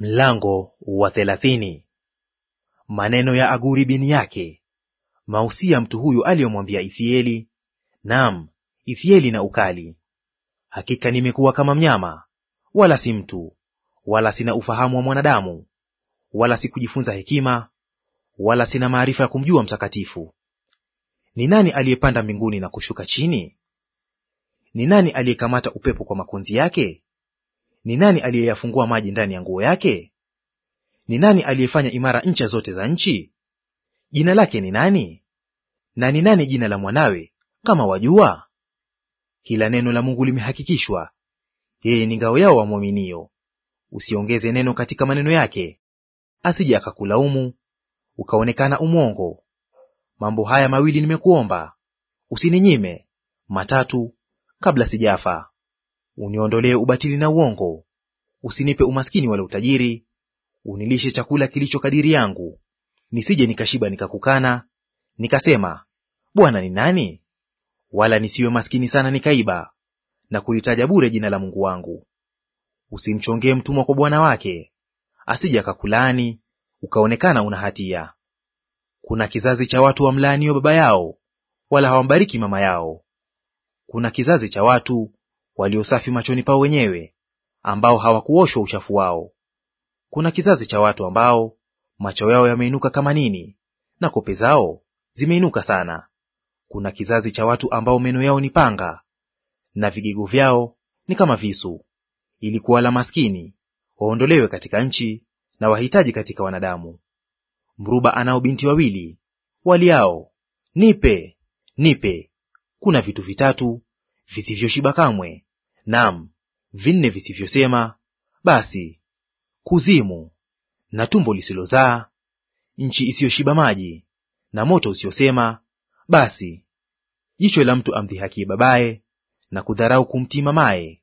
Mlango wa thelathini. Maneno ya Aguri bin yake mausia mtu huyu aliyomwambia Ithieli, naam Ithieli na ukali. Hakika nimekuwa kama mnyama, wala si mtu, wala sina ufahamu wa mwanadamu, wala sikujifunza hekima, wala sina maarifa ya kumjua Mtakatifu. Ni nani aliyepanda mbinguni na kushuka chini? Ni nani aliyekamata upepo kwa makunzi yake ni nani aliyeyafungua maji ndani ya nguo yake? Ni nani aliyefanya imara ncha zote za nchi? Jina lake ni nani? Na ni nani jina la mwanawe kama wajua? Kila neno la Mungu limehakikishwa; yeye ni ngao yao wamwaminio. Usiongeze neno katika maneno yake, asije akakulaumu ukaonekana umwongo. Mambo haya mawili nimekuomba, usininyime; matatu kabla sijafa. Uniondolee ubatili na uongo, usinipe umaskini wala utajiri. Unilishe chakula kilicho kadiri yangu, nisije nikashiba nikakukana, nikasema Bwana ni nani? Wala nisiwe maskini sana nikaiba na kulitaja bure jina la Mungu wangu. Usimchongee mtumwa kwa bwana wake, asije akakulaani ukaonekana una hatia. Kuna kizazi cha watu wamlaanio baba yao, wala hawambariki mama yao. Kuna kizazi cha watu walio safi machoni pao wenyewe, ambao hawakuoshwa uchafu wao. Kuna kizazi cha watu ambao macho yao yameinuka kama nini, na kope zao zimeinuka sana. Kuna kizazi cha watu ambao meno yao ni panga, na vigego vyao ni kama visu, ili kuwala maskini waondolewe katika nchi, na wahitaji katika wanadamu. Mruba anao binti wawili, waliao nipe nipe. Kuna vitu vitatu visivyoshiba kamwe naam vinne visivyosema basi, kuzimu na tumbo lisilozaa, nchi isiyoshiba maji na moto usiosema basi, jicho la mtu amdhihaki babaye na kudharau kumtii mamaye,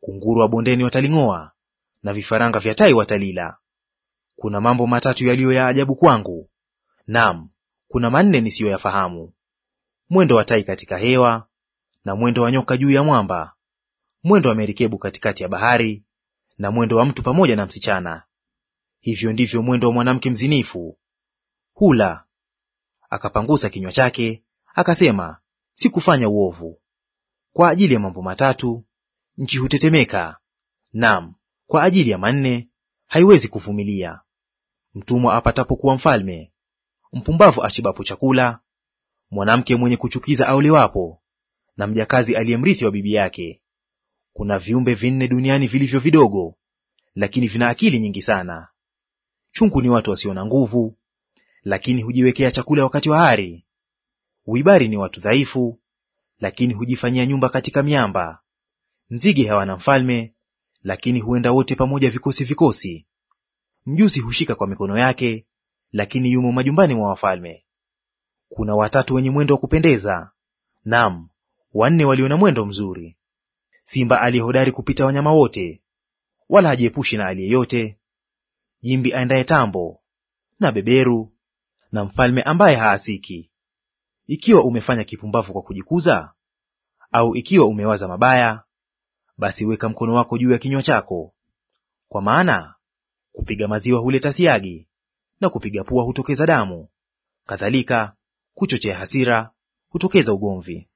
kunguru wa bondeni wataling'oa na vifaranga vya tai watalila. Kuna mambo matatu yaliyo ya ajabu kwangu, naam kuna manne nisiyoyafahamu: mwendo wa tai katika hewa na mwendo wa nyoka juu ya mwamba mwendo wa merikebu katikati ya bahari, na mwendo wa mtu pamoja na msichana. Hivyo ndivyo mwendo wa mwanamke mzinifu; hula akapangusa kinywa chake, akasema, sikufanya uovu. Kwa ajili ya mambo matatu nchi hutetemeka, nam kwa ajili ya manne haiwezi kuvumilia. Mtumwa apatapo kuwa mfalme, mpumbavu ashibapo chakula, mwanamke mwenye kuchukiza aolewapo, na mjakazi aliyemrithi wa bibi yake kuna viumbe vinne duniani vilivyo vidogo, lakini vina akili nyingi sana. Chungu ni watu wasio na nguvu, lakini hujiwekea chakula wakati wa hari. Uibari ni watu dhaifu, lakini hujifanyia nyumba katika miamba. Nzige hawana mfalme, lakini huenda wote pamoja vikosi vikosi. Mjusi hushika kwa mikono yake, lakini yumo majumbani mwa wafalme. Kuna watatu wenye mwendo wa kupendeza, naam, wanne walio na mwendo mzuri simba aliyehodari kupita wanyama wote, wala hajiepushi na aliyeyote, jimbi aendaye tambo, na beberu, na mfalme ambaye haasiki. Ikiwa umefanya kipumbavu kwa kujikuza, au ikiwa umewaza mabaya, basi weka mkono wako juu ya kinywa chako. Kwa maana kupiga maziwa huleta siagi, na kupiga pua hutokeza damu; kadhalika kuchochea hasira hutokeza ugomvi.